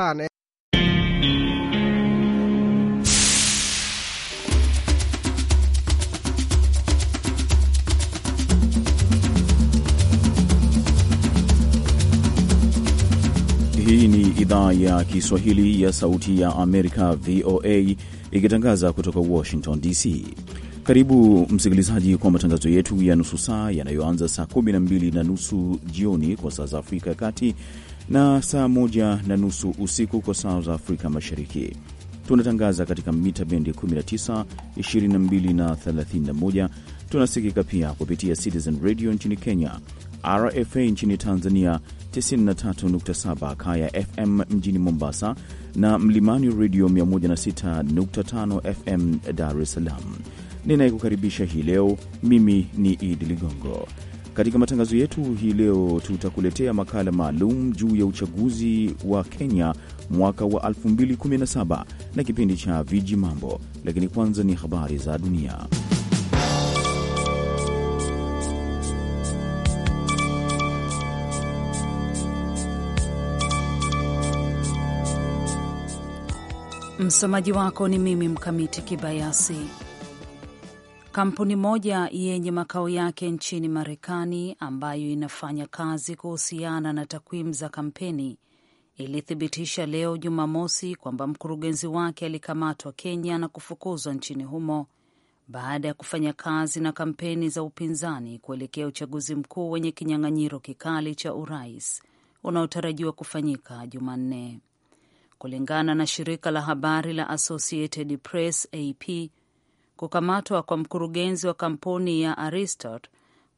Hii ni idhaa ya Kiswahili ya Sauti ya Amerika, VOA, ikitangaza kutoka Washington DC. Karibu msikilizaji kwa matangazo yetu ya nusu saa yanayoanza saa 12 na nusu jioni kwa saa za Afrika ya Kati na saa moja na nusu usiku kwa saa za Afrika Mashariki. Tunatangaza katika mita bendi 19, 22 na 31. Tunasikika pia kupitia Citizen Radio nchini Kenya, RFA nchini Tanzania 93.7, Kaya FM mjini Mombasa na Mlimani Radio 106.5 FM Dar es Salaam. Ninayekukaribisha hii leo mimi ni Idi Ligongo katika matangazo yetu hii leo tutakuletea makala maalum juu ya uchaguzi wa Kenya mwaka wa 2017 na kipindi cha Viji Mambo, lakini kwanza ni habari za dunia. Msomaji wako ni mimi Mkamiti Kibayasi. Kampuni moja yenye makao yake nchini Marekani ambayo inafanya kazi kuhusiana na takwimu za kampeni ilithibitisha leo Jumamosi kwamba mkurugenzi wake alikamatwa Kenya na kufukuzwa nchini humo baada ya kufanya kazi na kampeni za upinzani kuelekea uchaguzi mkuu wenye kinyang'anyiro kikali cha urais unaotarajiwa kufanyika Jumanne, kulingana na shirika la habari la Associated Press AP kukamatwa kwa mkurugenzi wa kampuni ya Aristot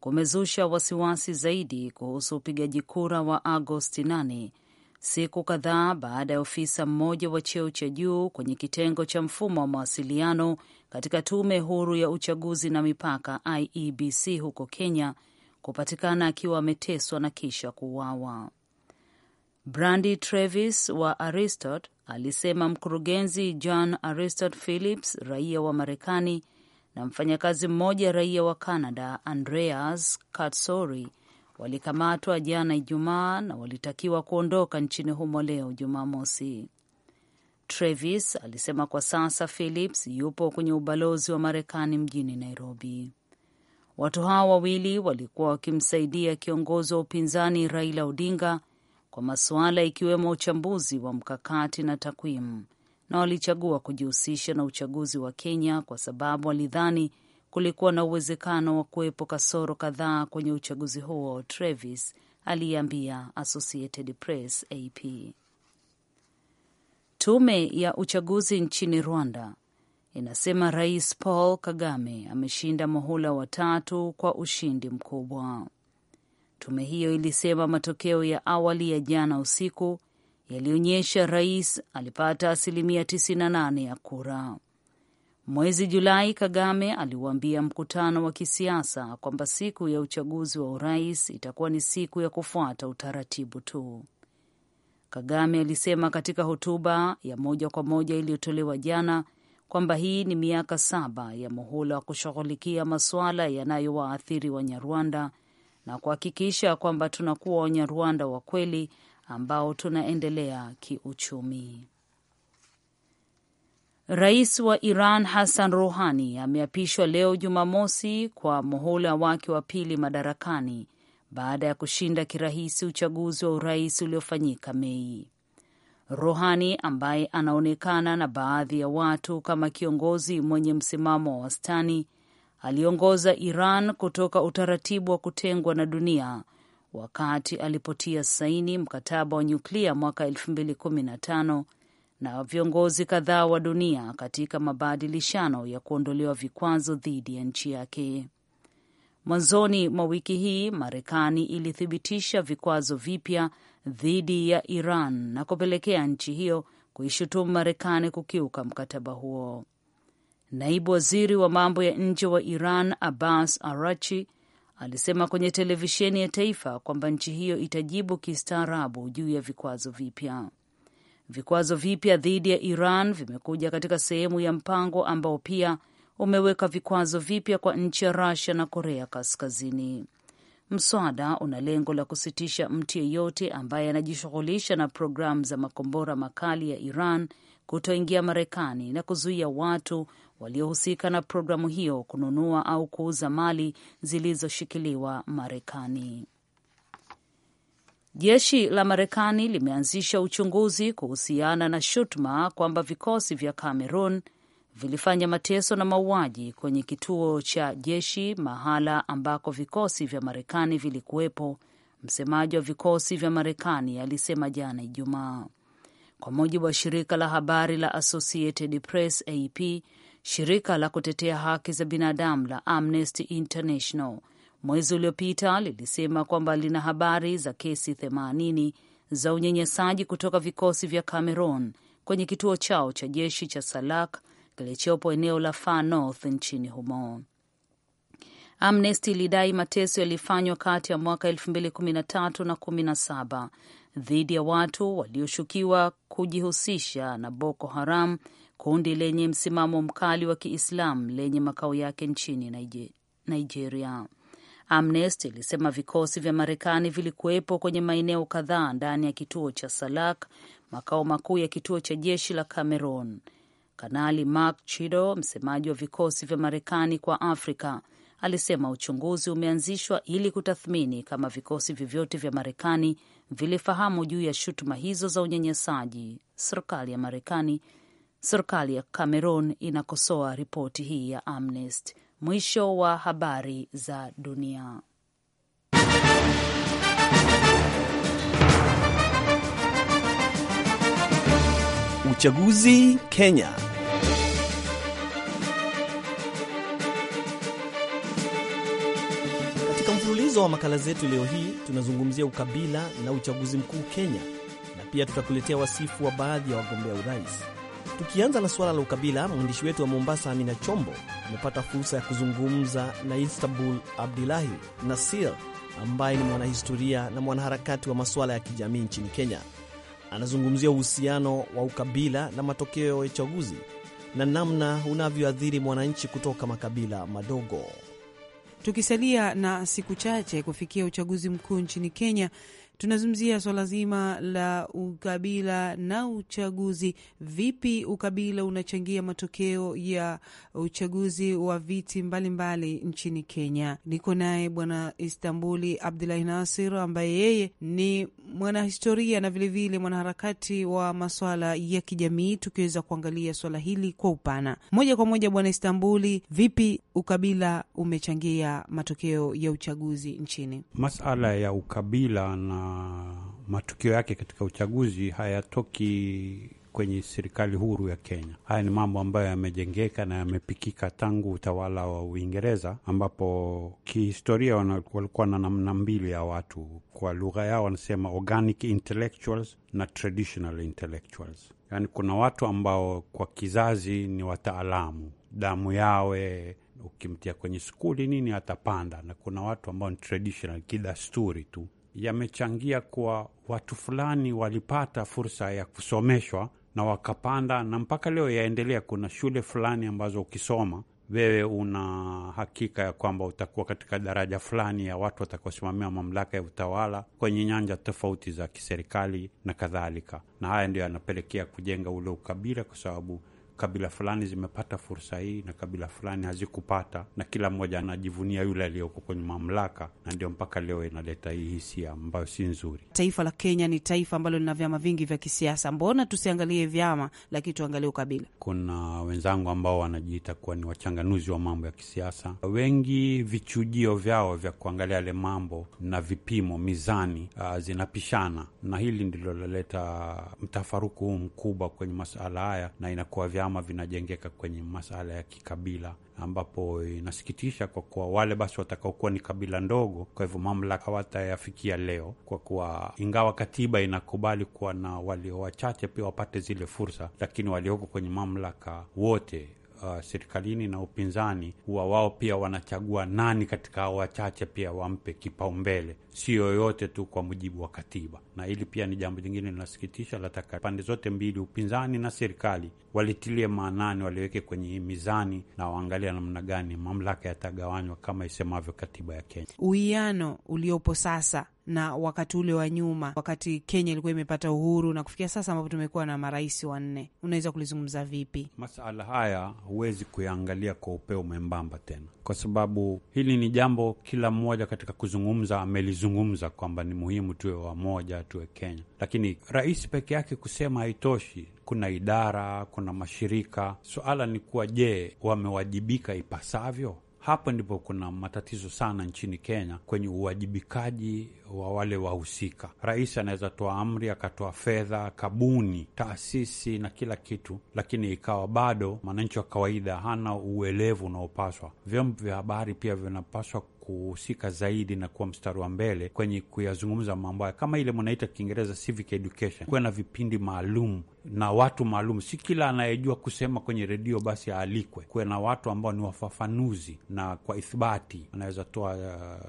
kumezusha wasiwasi zaidi kuhusu upigaji kura wa Agosti 8 siku kadhaa baada ya ofisa mmoja wa cheo cha juu kwenye kitengo cha mfumo wa mawasiliano katika tume huru ya uchaguzi na mipaka IEBC huko Kenya kupatikana akiwa ameteswa na kisha kuuawa. Brandi Travis wa Aristot alisema mkurugenzi John Aristod Phillips, raia wa Marekani, na mfanyakazi mmoja raia wa Canada Andreas Katsori walikamatwa jana Ijumaa na walitakiwa kuondoka nchini humo leo Jumamosi. Travis alisema kwa sasa Phillips yupo kwenye ubalozi wa Marekani mjini Nairobi. Watu hao wawili walikuwa wakimsaidia kiongozi wa upinzani Raila Odinga kwa masuala ikiwemo uchambuzi wa mkakati na takwimu, na walichagua kujihusisha na uchaguzi wa Kenya kwa sababu walidhani kulikuwa na uwezekano wa kuwepo kasoro kadhaa kwenye uchaguzi huo, Travis aliyeambia Associated Press AP. Tume ya uchaguzi nchini Rwanda inasema Rais Paul Kagame ameshinda muhula wa tatu kwa ushindi mkubwa. Tume hiyo ilisema matokeo ya awali ya jana usiku yalionyesha rais alipata asilimia 98 ya kura. Mwezi Julai, Kagame aliwaambia mkutano wa kisiasa kwamba siku ya uchaguzi wa urais itakuwa ni siku ya kufuata utaratibu tu. Kagame alisema katika hotuba ya moja kwa moja iliyotolewa jana kwamba hii ni miaka saba ya muhula wa kushughulikia masuala yanayowaathiri Wanyarwanda na kuhakikisha kwamba tunakuwa Wanyarwanda wa kweli ambao tunaendelea kiuchumi. Rais wa Iran Hassan Rouhani ameapishwa leo Jumamosi kwa muhula wake wa pili madarakani baada ya kushinda kirahisi uchaguzi wa urais uliofanyika Mei. Rouhani ambaye anaonekana na baadhi ya watu kama kiongozi mwenye msimamo wa wastani aliongoza Iran kutoka utaratibu wa kutengwa na dunia wakati alipotia saini mkataba wa nyuklia mwaka 2015 na viongozi kadhaa wa dunia katika mabadilishano ya kuondolewa vikwazo dhidi ya nchi yake. Mwanzoni mwa wiki hii Marekani ilithibitisha vikwazo vipya dhidi ya Iran na kupelekea nchi hiyo kuishutumu Marekani kukiuka mkataba huo. Naibu waziri wa mambo ya nje wa Iran Abbas Arachi alisema kwenye televisheni ya taifa kwamba nchi hiyo itajibu kistaarabu juu ya vikwazo vipya. Vikwazo vipya dhidi ya Iran vimekuja katika sehemu ya mpango ambao pia umeweka vikwazo vipya kwa nchi ya rasia na Korea Kaskazini. Mswada una lengo la kusitisha mtu yeyote ambaye anajishughulisha na programu za makombora makali ya Iran kutoingia Marekani na kuzuia watu waliohusika na programu hiyo kununua au kuuza mali zilizoshikiliwa Marekani. Jeshi la Marekani limeanzisha uchunguzi kuhusiana na shutuma kwamba vikosi vya Cameroon vilifanya mateso na mauaji kwenye kituo cha jeshi mahala ambako vikosi vya Marekani vilikuwepo. Msemaji wa vikosi vya Marekani alisema jana Ijumaa, kwa mujibu wa shirika la habari la Associated Press AP. Shirika la kutetea haki za binadamu la Amnesty International mwezi uliopita lilisema kwamba lina habari za kesi 80 za unyenyesaji kutoka vikosi vya Cameroon kwenye kituo chao cha jeshi cha Salak kilichopo eneo la Far North nchini humo. Amnesty ilidai mateso yalifanywa kati ya mwaka 2013 na 17 dhidi ya watu walioshukiwa kujihusisha na Boko Haram kundi lenye msimamo mkali wa Kiislamu lenye makao yake nchini Nigeria. Amnesty ilisema vikosi vya Marekani vilikuwepo kwenye maeneo kadhaa ndani ya kituo cha Salak, makao makuu ya kituo cha jeshi la Cameroon. Kanali Mark Chido, msemaji wa vikosi vya Marekani kwa Afrika, alisema uchunguzi umeanzishwa ili kutathmini kama vikosi vyovyote vya Marekani vilifahamu juu ya shutuma hizo za unyanyasaji. Serikali ya Marekani Serikali ya Cameroon inakosoa ripoti hii ya Amnesty. Mwisho wa habari za dunia. Uchaguzi Kenya. Katika mfululizo wa makala zetu leo hii tunazungumzia ukabila na uchaguzi mkuu Kenya, na pia tutakuletea wasifu wa baadhi ya wagombea urais. Tukianza na suala la ukabila, mwandishi wetu wa Mombasa Amina Chombo amepata fursa ya kuzungumza na Istanbul Abdulahi Nasir ambaye ni mwanahistoria na mwanaharakati wa masuala ya kijamii nchini Kenya. Anazungumzia uhusiano wa ukabila na matokeo ya uchaguzi na namna unavyoathiri mwananchi kutoka makabila madogo. Tukisalia na siku chache kufikia uchaguzi mkuu nchini Kenya, tunazungumzia swala zima la ukabila na uchaguzi. Vipi ukabila unachangia matokeo ya uchaguzi wa viti mbalimbali mbali nchini Kenya? Niko naye Bwana Istanbuli Abdulahi Nasir ambaye yeye ni mwanahistoria na vilevile mwanaharakati wa maswala ya kijamii, tukiweza kuangalia swala hili kwa upana. Moja kwa moja, Bwana Istanbuli, vipi ukabila umechangia matokeo ya uchaguzi nchini? Masala ya ukabila na matukio yake katika uchaguzi hayatoki kwenye serikali huru ya Kenya. Haya ni mambo ambayo yamejengeka na yamepikika tangu utawala wa Uingereza, ambapo kihistoria walikuwa na namna mbili ya watu. Kwa lugha yao wanasema organic intellectuals na traditional intellectuals, yaani kuna watu ambao kwa kizazi ni wataalamu, damu yawe ukimtia kwenye skuli nini atapanda, na kuna watu ambao ni traditional kidasturi tu yamechangia kuwa watu fulani walipata fursa ya kusomeshwa na wakapanda, na mpaka leo yaendelea. Kuna shule fulani ambazo ukisoma wewe una hakika ya kwamba utakuwa katika daraja fulani ya watu watakaosimamia mamlaka ya utawala kwenye nyanja tofauti za kiserikali na kadhalika, na haya ndio yanapelekea kujenga ule ukabila, kwa sababu kabila fulani zimepata fursa hii na kabila fulani hazikupata, na kila mmoja anajivunia yule aliyoko kwenye mamlaka, na ndio mpaka leo inaleta hii hisia ambayo si nzuri. Taifa la Kenya ni taifa ambalo lina vyama vingi vya kisiasa. Mbona tusiangalie vyama, lakini tuangalie ukabila? Kuna wenzangu ambao wanajiita kuwa ni wachanganuzi wa mambo ya kisiasa, wengi vichujio vyao vya kuangalia yale mambo na vipimo, mizani uh, zinapishana, na hili ndilo laleta mtafaruku huu mkubwa kwenye masuala haya, na inakuwa vya vyama vinajengeka kwenye masala ya kikabila, ambapo inasikitisha kwa kuwa wale basi watakaokuwa ni kabila ndogo, kwa hivyo mamlaka watayafikia leo, kwa kuwa ingawa katiba inakubali kuwa na walio wachache pia wapate zile fursa, lakini walioko kwenye mamlaka wote uh, serikalini na upinzani huwa wao pia wanachagua nani katika hao wachache pia wampe kipaumbele, si yoyote tu kwa mujibu wa katiba. Na hili pia ni jambo jingine linasikitisha, lataka pande zote mbili, upinzani na serikali, walitilie maanani, waliweke kwenye mizani na waangalia namna gani mamlaka yatagawanywa kama isemavyo katiba ya Kenya. Uwiano uliopo sasa na wakati ule wa nyuma, wakati Kenya ilikuwa imepata uhuru na kufikia sasa ambapo tumekuwa na marais wanne. Unaweza kulizungumza vipi masala haya? Huwezi kuyaangalia kwa upeo mwembamba tena, kwa sababu hili ni jambo kila mmoja katika kuzungumza amelizungumza kwamba ni muhimu tuwe wamoja, tuwe Kenya, lakini rais peke yake kusema haitoshi. Kuna idara, kuna mashirika. Suala ni kuwa, je, wamewajibika ipasavyo? Hapo ndipo kuna matatizo sana nchini Kenya kwenye uwajibikaji wa wale wahusika. Rais anaweza toa amri, akatoa fedha, kabuni taasisi na kila kitu, lakini ikawa bado mwananchi wa kawaida hana uelevu unaopaswa. Vyombo vya habari pia vinapaswa kuhusika zaidi na kuwa mstari wa mbele kwenye kuyazungumza mambo haya, kama ile mnaita Kiingereza civic education, kuwe na vipindi maalum na watu maalum. Si kila anayejua kusema kwenye redio basi aalikwe. Kuwe na watu ambao ni wafafanuzi na kwa ithibati, anaweza toa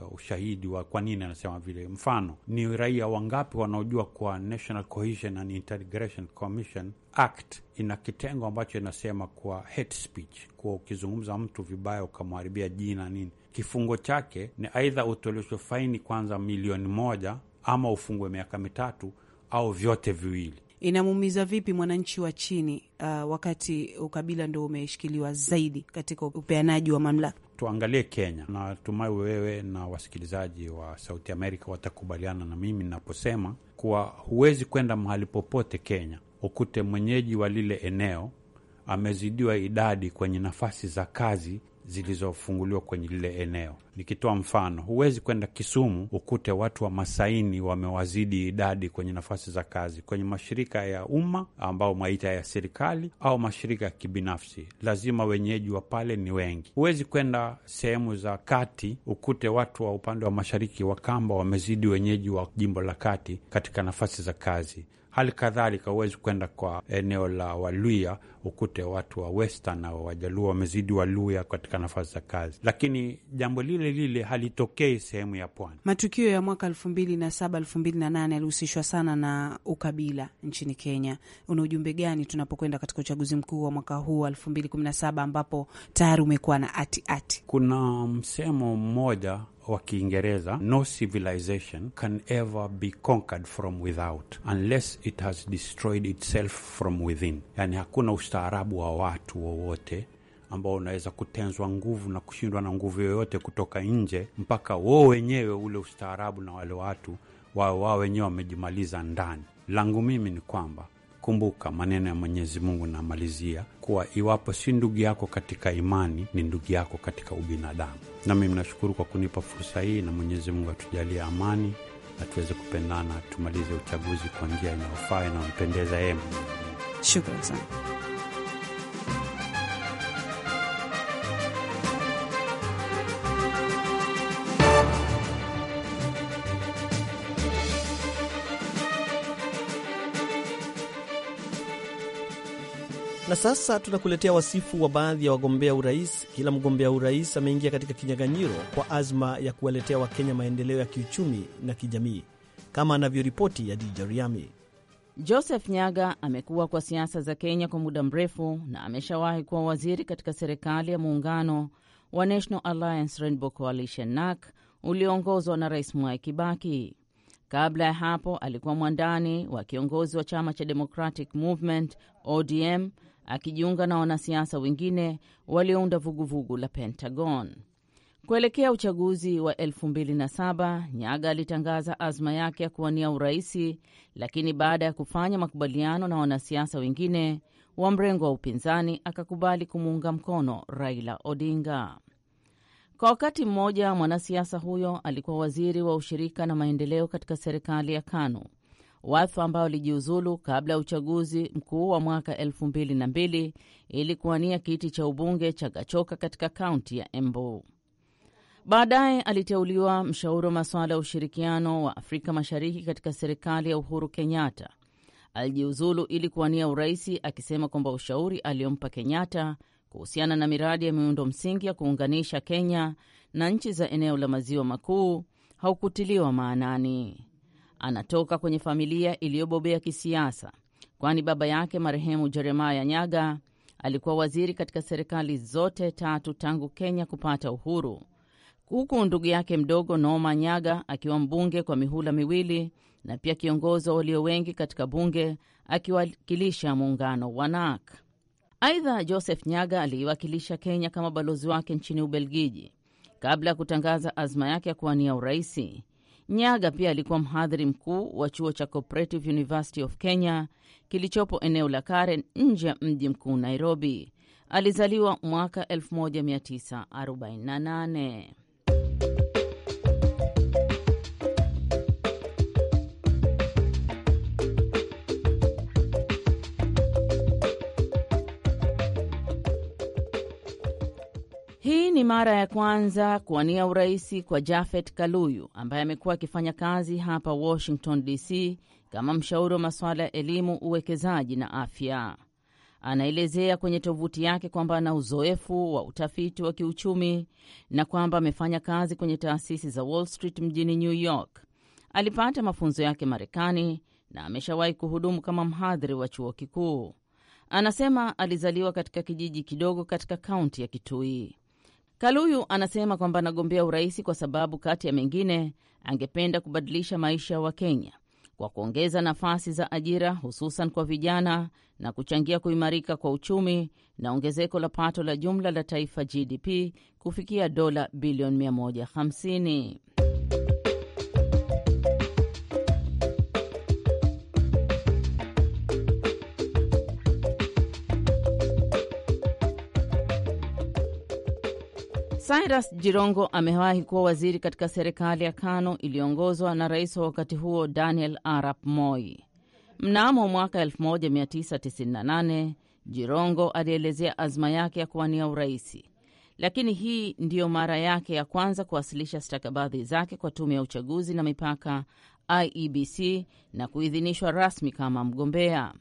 uh, ushahidi wa kwa nini anasema vile. Mfano, ni raia wangapi wanaojua kwa National Cohesion and Integration Commission Act ina kitengo ambacho inasema kwa hate speech, kuwa ukizungumza mtu vibaya ukamharibia jina nini, kifungo chake ni aidha utoleshwe faini kwanza milioni moja ama ufungwe miaka mitatu au vyote viwili inamuumiza vipi mwananchi wa chini uh, wakati ukabila ndo umeshikiliwa zaidi katika upeanaji wa mamlaka? Tuangalie Kenya. Natumai wewe na wasikilizaji wa Sauti Amerika watakubaliana na mimi ninaposema kuwa huwezi kwenda mahali popote Kenya ukute mwenyeji wa lile eneo amezidiwa idadi kwenye nafasi za kazi zilizofunguliwa kwenye lile eneo. Nikitoa mfano, huwezi kwenda Kisumu ukute watu wa Masaini wamewazidi idadi kwenye nafasi za kazi kwenye mashirika ya umma ambao maita ya serikali au mashirika ya kibinafsi, lazima wenyeji wa pale ni wengi. Huwezi kwenda sehemu za kati ukute watu wa upande wa mashariki Wakamba wamezidi wenyeji wa jimbo la kati katika nafasi za kazi. Hali kadhalika huwezi kwenda kwa eneo la Waluya ukute watu wa Western na Wajaluo wamezidi Waluya katika nafasi za kazi, lakini jambo lile lile halitokei sehemu ya pwani. Matukio ya mwaka elfu mbili na saba elfu mbili na nane yalihusishwa sana na ukabila nchini Kenya. Una ujumbe gani tunapokwenda katika uchaguzi mkuu wa mwaka huu elfu mbili kumi na saba ambapo tayari umekuwa na atiati ati? Kuna msemo mmoja wa Kiingereza, no civilization can ever be conquered from without unless it has destroyed itself from within. Yani hakuna ustaarabu wa watu wowote ambao unaweza kutenzwa nguvu na kushindwa na nguvu yoyote kutoka nje, mpaka wao wenyewe ule ustaarabu na wale watu wao wao wenyewe wamejimaliza ndani. Langu mimi ni kwamba Kumbuka maneno ya Mwenyezi Mungu, namalizia kuwa iwapo si ndugu yako katika imani, ni ndugu yako katika ubinadamu. Nami mnashukuru kwa kunipa fursa hii, na Mwenyezi Mungu atujalie amani na tuweze kupendana, tumalize uchaguzi kwa njia inayofaa inayompendeza yeye. Shukrani sana. Na sasa tunakuletea wasifu wa baadhi ya wagombea urais. Kila mgombea urais ameingia katika kinyang'anyiro kwa azma ya kuwaletea Wakenya maendeleo ya kiuchumi na kijamii, kama anavyoripoti Adija Riami. Joseph Nyaga amekuwa kwa siasa za Kenya kwa muda mrefu na ameshawahi kuwa waziri katika serikali ya muungano wa National Alliance Rainbow Coalition NAC ulioongozwa na Rais Mwai Kibaki. Kabla ya hapo alikuwa mwandani wa kiongozi wa chama cha Democratic Movement ODM akijiunga na wanasiasa wengine waliounda vuguvugu la Pentagon. Kuelekea uchaguzi wa 2007 Nyaga alitangaza azma yake ya kuwania uraisi, lakini baada ya kufanya makubaliano na wanasiasa wengine wa mrengo wa upinzani akakubali kumuunga mkono Raila Odinga. Kwa wakati mmoja, mwanasiasa huyo alikuwa waziri wa ushirika na maendeleo katika serikali ya KANU wadhifa ambao alijiuzulu kabla ya uchaguzi mkuu wa mwaka elfu mbili na mbili ili kuwania kiti cha ubunge cha Gachoka katika kaunti ya Embu. Baadaye aliteuliwa mshauri wa masuala ya ushirikiano wa Afrika Mashariki katika serikali ya Uhuru Kenyatta. Alijiuzulu ili kuwania uraisi, akisema kwamba ushauri aliyompa Kenyatta kuhusiana na miradi ya miundo msingi ya kuunganisha Kenya na nchi za eneo la maziwa makuu haukutiliwa maanani. Anatoka kwenye familia iliyobobea kisiasa, kwani baba yake marehemu Jeremiah Nyaga alikuwa waziri katika serikali zote tatu tangu Kenya kupata uhuru, huku ndugu yake mdogo noma Nyaga akiwa mbunge kwa mihula miwili na pia kiongozi wa walio wengi katika bunge akiwakilisha muungano wa NARC. Aidha, Joseph Nyaga aliiwakilisha Kenya kama balozi wake nchini Ubelgiji kabla ya kutangaza azma yake ya kuwania uraisi. Nyaga pia alikuwa mhadhiri mkuu wa chuo cha Cooperative University of Kenya kilichopo eneo la Karen nje ya mji mkuu Nairobi. Alizaliwa mwaka 1948. ni mara ya kwanza kuwania uraisi kwa Jafet Kaluyu ambaye amekuwa akifanya kazi hapa Washington DC kama mshauri wa masuala ya elimu, uwekezaji na afya. Anaelezea kwenye tovuti yake kwamba ana uzoefu wa utafiti wa kiuchumi na kwamba amefanya kazi kwenye taasisi za Wall Street mjini New York. Alipata mafunzo yake Marekani na ameshawahi kuhudumu kama mhadhiri wa chuo kikuu. Anasema alizaliwa katika kijiji kidogo katika kaunti ya Kitui. Kaluyu anasema kwamba anagombea urais kwa sababu kati ya mengine angependa kubadilisha maisha ya kenya kwa kuongeza nafasi za ajira hususan kwa vijana na kuchangia kuimarika kwa uchumi na ongezeko la pato la jumla la taifa GDP kufikia dola bilioni 150. Cyrus Jirongo amewahi kuwa waziri katika serikali ya KANU iliyoongozwa na rais wa wakati huo Daniel Arap Moi. Mnamo mwaka 1998 Jirongo alielezea azma yake ya kuwania uraisi, lakini hii ndiyo mara yake ya kwanza kuwasilisha stakabadhi zake kwa tume ya uchaguzi na mipaka IEBC na kuidhinishwa rasmi kama mgombea.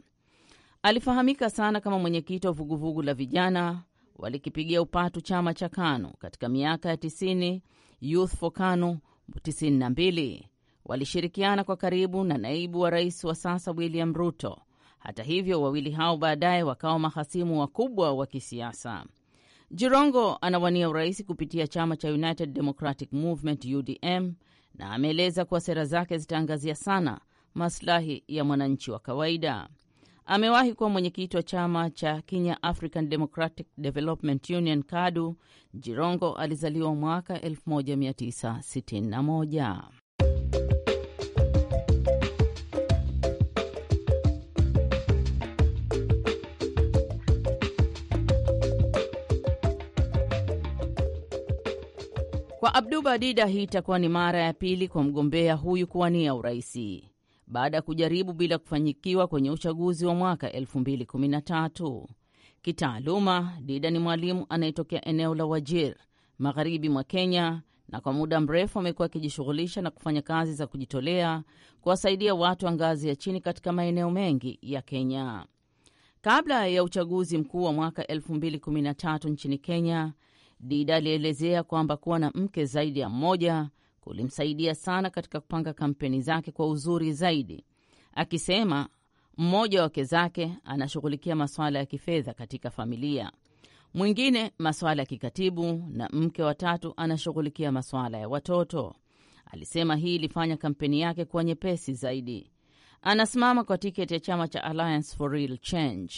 Alifahamika sana kama mwenyekiti wa vuguvugu la vijana walikipigia upatu chama cha KANU katika miaka ya 90, Youth for KANU 92. Walishirikiana kwa karibu na naibu wa rais wa sasa William Ruto. Hata hivyo, wawili hao baadaye wakawa mahasimu wakubwa wa kisiasa. Jirongo anawania urais kupitia chama cha United Democratic Movement UDM, na ameeleza kuwa sera zake zitaangazia sana maslahi ya mwananchi wa kawaida. Amewahi kuwa mwenyekiti wa chama cha Kenya African Democratic Development Union KADU. Jirongo alizaliwa mwaka 1961. Kwa Abdu Badida, hii itakuwa ni mara ya pili kwa mgombea huyu kuwania uraisi baada ya kujaribu bila kufanyikiwa kwenye uchaguzi wa mwaka 2013. Kitaaluma, Dida ni mwalimu anayetokea eneo la Wajir magharibi mwa Kenya, na kwa muda mrefu amekuwa akijishughulisha na kufanya kazi za kujitolea kuwasaidia watu wa ngazi ya chini katika maeneo mengi ya Kenya. Kabla ya uchaguzi mkuu wa mwaka 2013 nchini Kenya, Dida alielezea kwamba kuwa na mke zaidi ya mmoja kulimsaidia sana katika kupanga kampeni zake kwa uzuri zaidi, akisema mmoja wa wake zake anashughulikia masuala ya kifedha katika familia, mwingine masuala ya kikatibu, na mke wa tatu anashughulikia masuala ya watoto. Alisema hii ilifanya kampeni yake kuwa nyepesi zaidi. Anasimama kwa tiketi ya chama cha Alliance for Real Change.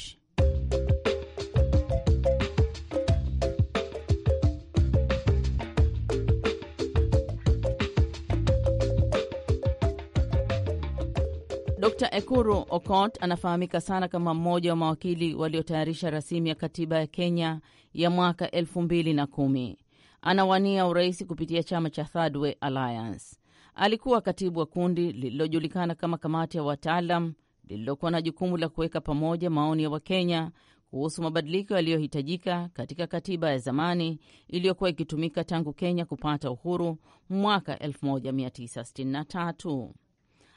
Dr. Ekuru Okot anafahamika sana kama mmoja wa mawakili waliotayarisha rasimu ya katiba ya Kenya ya mwaka elfu mbili na kumi. Anawania urais kupitia chama cha thadway Alliance. Alikuwa katibu wa kundi lililojulikana kama kamati ya wataalam lililokuwa na jukumu la kuweka pamoja maoni ya Wakenya kuhusu mabadiliko yaliyohitajika katika katiba ya zamani iliyokuwa ikitumika tangu Kenya kupata uhuru mwaka 1963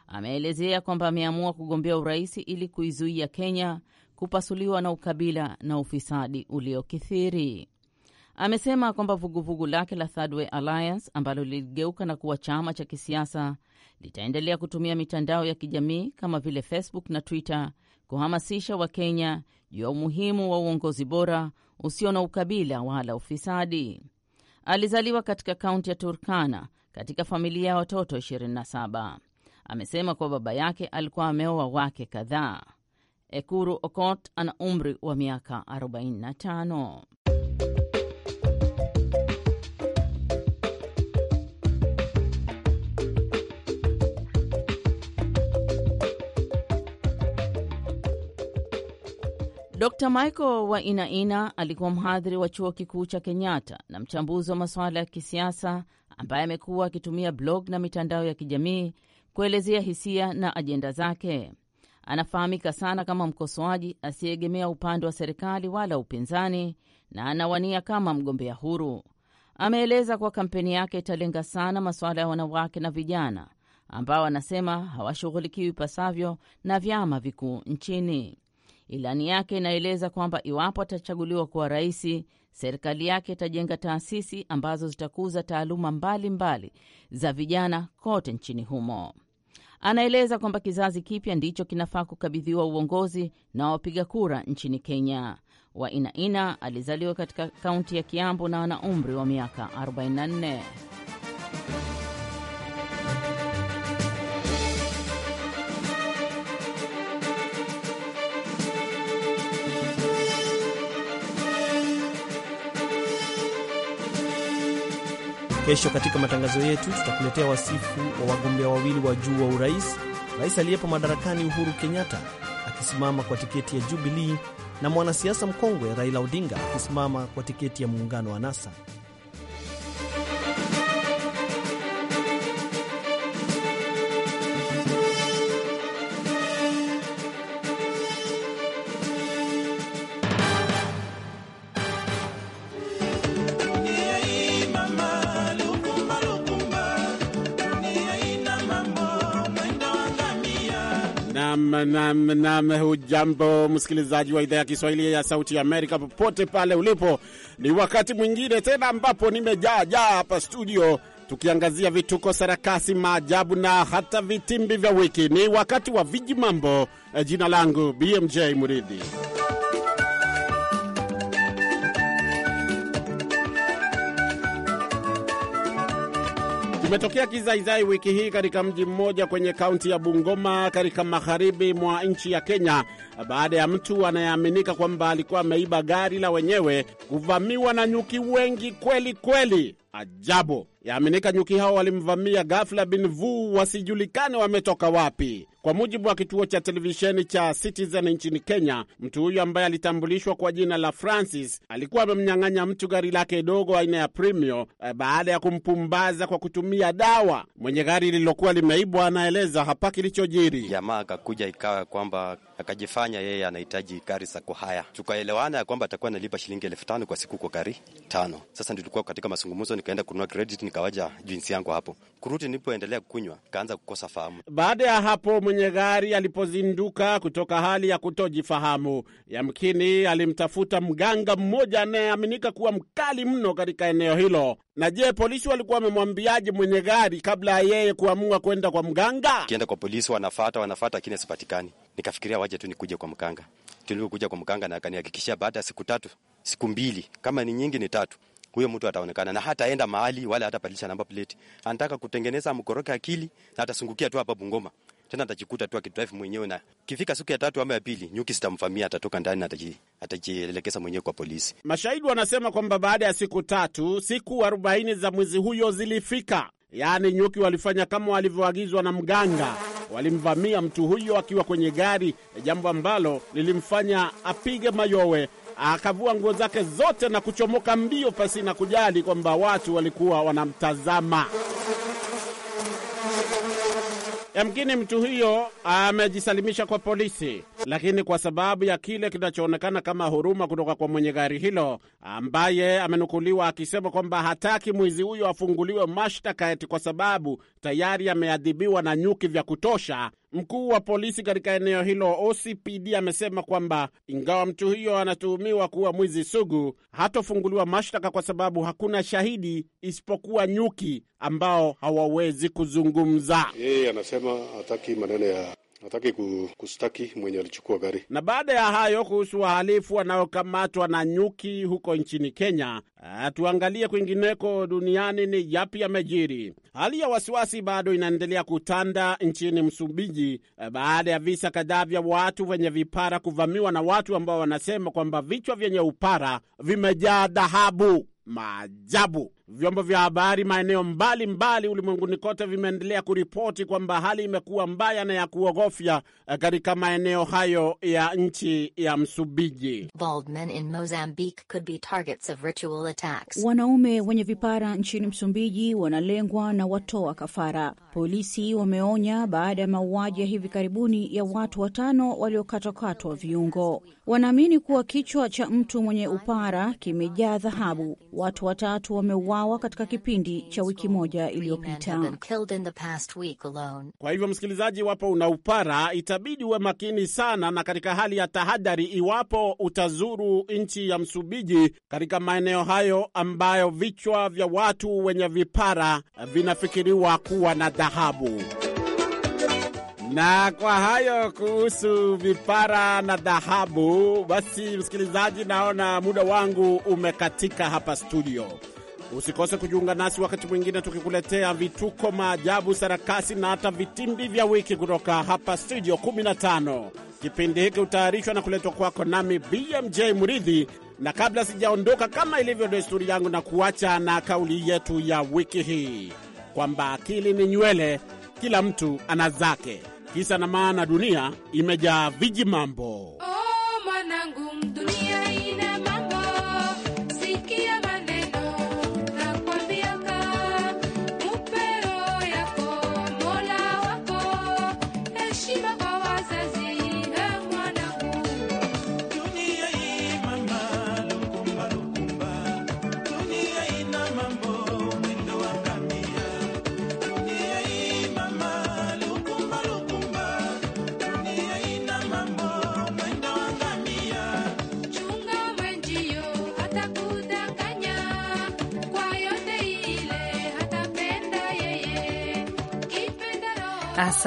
ameelezea kwamba ameamua kugombea urais ili kuizuia Kenya kupasuliwa na ukabila na ufisadi uliokithiri. Amesema kwamba vuguvugu lake la Third Way Alliance ambalo liligeuka na kuwa chama cha kisiasa litaendelea kutumia mitandao ya kijamii kama vile Facebook na Twitter kuhamasisha Wakenya juu ya umuhimu wa uongozi bora usio na ukabila wala ufisadi. Alizaliwa katika kaunti ya Turkana katika familia ya watoto 27 amesema kuwa baba yake alikuwa ameoa wake kadhaa. Ekuru Okot ana umri wa miaka 45. Dr Michael Wainaina alikuwa mhadhiri wa chuo kikuu cha Kenyatta na mchambuzi wa masuala ya kisiasa ambaye amekuwa akitumia blog na mitandao ya kijamii kuelezea hisia na ajenda zake. Anafahamika sana kama mkosoaji asiyeegemea upande wa serikali wala upinzani, na anawania kama mgombea huru. Ameeleza kuwa kampeni yake italenga sana masuala ya wanawake na vijana ambao anasema hawashughulikiwi ipasavyo na vyama vikuu nchini. Ilani yake inaeleza kwamba iwapo atachaguliwa kuwa rais, serikali yake itajenga taasisi ambazo zitakuza taaluma mbalimbali mbali za vijana kote nchini humo. Anaeleza kwamba kizazi kipya ndicho kinafaa kukabidhiwa uongozi na wapiga kura nchini Kenya. Wainaina alizaliwa katika kaunti ya Kiambu na ana umri wa miaka 44. Kesho katika matangazo yetu tutakuletea wasifu wa wagombea wawili wa juu wa urais, rais aliyepo madarakani Uhuru Kenyatta akisimama kwa tiketi ya Jubilii na mwanasiasa mkongwe Raila Odinga akisimama kwa tiketi ya muungano wa NASA. nam, nam. Hujambo msikilizaji wa idhaa ya Kiswahili ya Sauti ya Amerika, popote pale ulipo, ni wakati mwingine tena ambapo nimejaajaa hapa studio tukiangazia vituko, sarakasi, maajabu na hata vitimbi vya wiki. Ni wakati wa viji mambo. Eh, jina langu BMJ Muridhi. Kumetokea kizaizai wiki hii katika mji mmoja kwenye kaunti ya Bungoma katika magharibi mwa nchi ya Kenya baada ya mtu anayeaminika kwamba alikuwa ameiba gari la wenyewe kuvamiwa na nyuki wengi kweli kweli. Ajabu, yaaminika nyuki hao walimvamia ghafla bin vu, wasijulikane wametoka wapi. Kwa mujibu wa kituo cha televisheni cha Citizen nchini Kenya, mtu huyo ambaye alitambulishwa kwa jina la Francis alikuwa amemnyang'anya mtu gari lake dogo aina ya Premio eh, baada ya kumpumbaza kwa kutumia dawa. Mwenye gari lililokuwa limeibwa anaeleza hapa kilichojiri. Jamaa akakuja ikawa kwamba akajifanya yeye anahitaji gari za kuhaya. Tukaelewana ya kwamba atakuwa analipa shilingi elfu tano kwa siku kwa gari tano. Sasa nilikuwa katika mazungumzo, nikaenda kununua kredit, nikawaja jinsi yangu hapo. Kurudi nilipoendelea kunywa, kaanza kukosa fahamu. Baada ya hapo, mwenye gari alipozinduka kutoka hali ya kutojifahamu, yamkini alimtafuta mganga mmoja anayeaminika kuwa mkali mno katika eneo hilo na je, polisi walikuwa wamemwambiaje mwenye gari kabla ya yeye kuamua kwenda kwa mganga? Kienda kwa polisi, wanafata wanafata, lakini asipatikani. Nikafikiria waje tu nikuje kwa mganga. Tulivyokuja kwa mganga, na akanihakikishia baada ya siku tatu, siku mbili, kama ni nyingi ni tatu, huyo mtu ataonekana na hataenda mahali wala hatabadilisha namba plate. Anataka kutengeneza mkoroke akili na atasungukia tu hapa Bungoma tena atajikuta tu akidrive mwenyewe, na kifika siku ya tatu ama ya pili, nyuki zitamvamia, atatoka ndani, na atajielekeza mwenyewe kwa polisi. Mashahidi wanasema kwamba baada ya siku tatu, siku arobaini za mwezi huyo zilifika, yaani nyuki walifanya kama walivyoagizwa na mganga, walimvamia mtu huyo akiwa kwenye gari, jambo ambalo lilimfanya apige mayowe akavua nguo zake zote na kuchomoka mbio pasi na kujali kwamba watu walikuwa wanamtazama. Yamkini mtu huyo amejisalimisha kwa polisi lakini kwa sababu ya kile kinachoonekana kama huruma kutoka kwa mwenye gari hilo ambaye amenukuliwa akisema kwamba hataki mwizi huyo afunguliwe mashtaka eti kwa sababu tayari ameadhibiwa na nyuki vya kutosha. Mkuu wa polisi katika eneo hilo OCPD amesema kwamba ingawa mtu huyo anatuhumiwa kuwa mwizi sugu, hatofunguliwa mashtaka kwa sababu hakuna shahidi isipokuwa nyuki ambao hawawezi kuzungumza. Yeye anasema hataki maneno ya hataki kustaki mwenye alichukua gari. Na baada ya hayo, kuhusu wahalifu wanaokamatwa na nyuki huko nchini Kenya, eh, tuangalie kwingineko duniani ni yapi yamejiri. Hali ya wasiwasi bado inaendelea kutanda nchini Msumbiji eh, baada ya visa kadhaa vya watu wenye vipara kuvamiwa na watu ambao wanasema kwamba vichwa vyenye upara vimejaa dhahabu. Maajabu. Vyombo vya habari maeneo mbalimbali ulimwenguni kote vimeendelea kuripoti kwamba hali imekuwa mbaya na ya kuogofya eh, katika maeneo hayo ya nchi ya Msumbiji. Wanaume wenye vipara nchini Msumbiji wanalengwa na watoa kafara. Polisi wameonya baada ya mauaji ya hivi karibuni ya watu watano waliokatwakatwa viungo. Wanaamini kuwa kichwa cha mtu mwenye upara kimejaa dhahabu. Watu watatu wameuawa waliouawa katika kipindi cha wiki moja iliyopita. Kwa hivyo, msikilizaji, iwapo una upara, itabidi uwe makini sana na katika hali ya tahadhari, iwapo utazuru nchi ya Msumbiji katika maeneo hayo ambayo vichwa vya watu wenye vipara vinafikiriwa kuwa na dhahabu. Na kwa hayo kuhusu vipara na dhahabu, basi msikilizaji, naona muda wangu umekatika hapa studio. Usikose kujiunga nasi wakati mwingine tukikuletea vituko, maajabu, sarakasi na hata vitimbi vya wiki kutoka hapa studio 15. Kipindi hiki hutayarishwa na kuletwa kwako nami BMJ Muridhi, na kabla sijaondoka, kama ilivyo desturi yangu, na kuacha na kauli yetu ya wiki hii kwamba akili ni nywele, kila mtu ana zake. Kisa na maana, dunia imejaa viji mambo.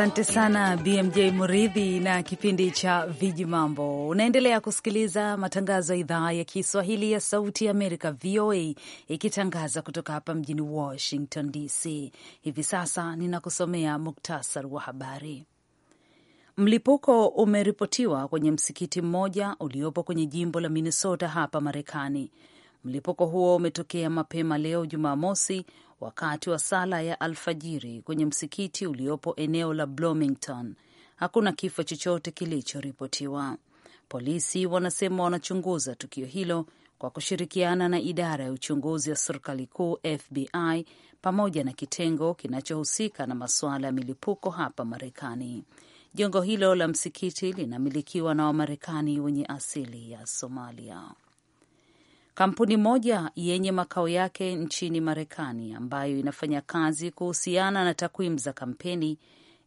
Asante sana BMJ Muridhi na kipindi cha Viji Mambo. Unaendelea kusikiliza matangazo ya idhaa ya Kiswahili ya Sauti ya Amerika, VOA, ikitangaza kutoka hapa mjini Washington DC. Hivi sasa ninakusomea muktasar wa habari. Mlipuko umeripotiwa kwenye msikiti mmoja uliopo kwenye jimbo la Minnesota hapa Marekani. Mlipuko huo umetokea mapema leo Jumamosi wakati wa sala ya alfajiri kwenye msikiti uliopo eneo la Bloomington. Hakuna kifo chochote kilichoripotiwa. Polisi wanasema wanachunguza tukio hilo kwa kushirikiana na idara ya uchunguzi wa serikali kuu FBI pamoja na kitengo kinachohusika na masuala ya milipuko hapa Marekani. Jengo hilo la msikiti linamilikiwa na Wamarekani wenye asili ya Somalia. Kampuni moja yenye makao yake nchini Marekani ambayo inafanya kazi kuhusiana na takwimu za kampeni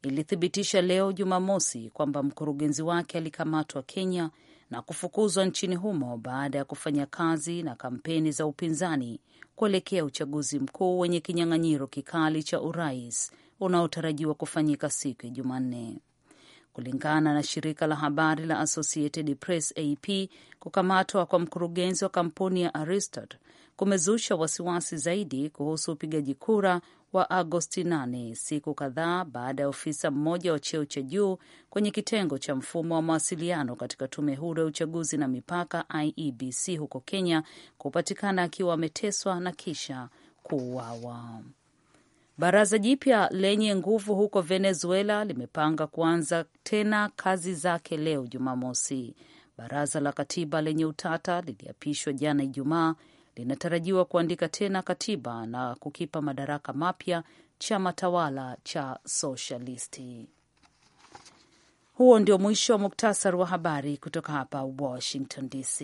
ilithibitisha leo Jumamosi kwamba mkurugenzi wake alikamatwa Kenya na kufukuzwa nchini humo baada ya kufanya kazi na kampeni za upinzani kuelekea uchaguzi mkuu wenye kinyang'anyiro kikali cha urais unaotarajiwa kufanyika siku ya Jumanne kulingana na shirika la habari la Associated Press AP. Kukamatwa kwa mkurugenzi wa kampuni ya Aristot kumezusha wasiwasi zaidi kuhusu upigaji kura wa Agosti 8 siku kadhaa baada ya ofisa mmoja wa cheo cha juu kwenye kitengo cha mfumo wa mawasiliano katika tume huru ya uchaguzi na mipaka IEBC huko Kenya kupatikana akiwa ameteswa na kisha kuuawa. Baraza jipya lenye nguvu huko Venezuela limepanga kuanza tena kazi zake leo Jumamosi. Baraza la katiba lenye utata liliapishwa jana Ijumaa, linatarajiwa kuandika tena katiba na kukipa madaraka mapya chama tawala cha Sosialisti. Huo ndio mwisho wa muktasari wa habari kutoka hapa Washington DC.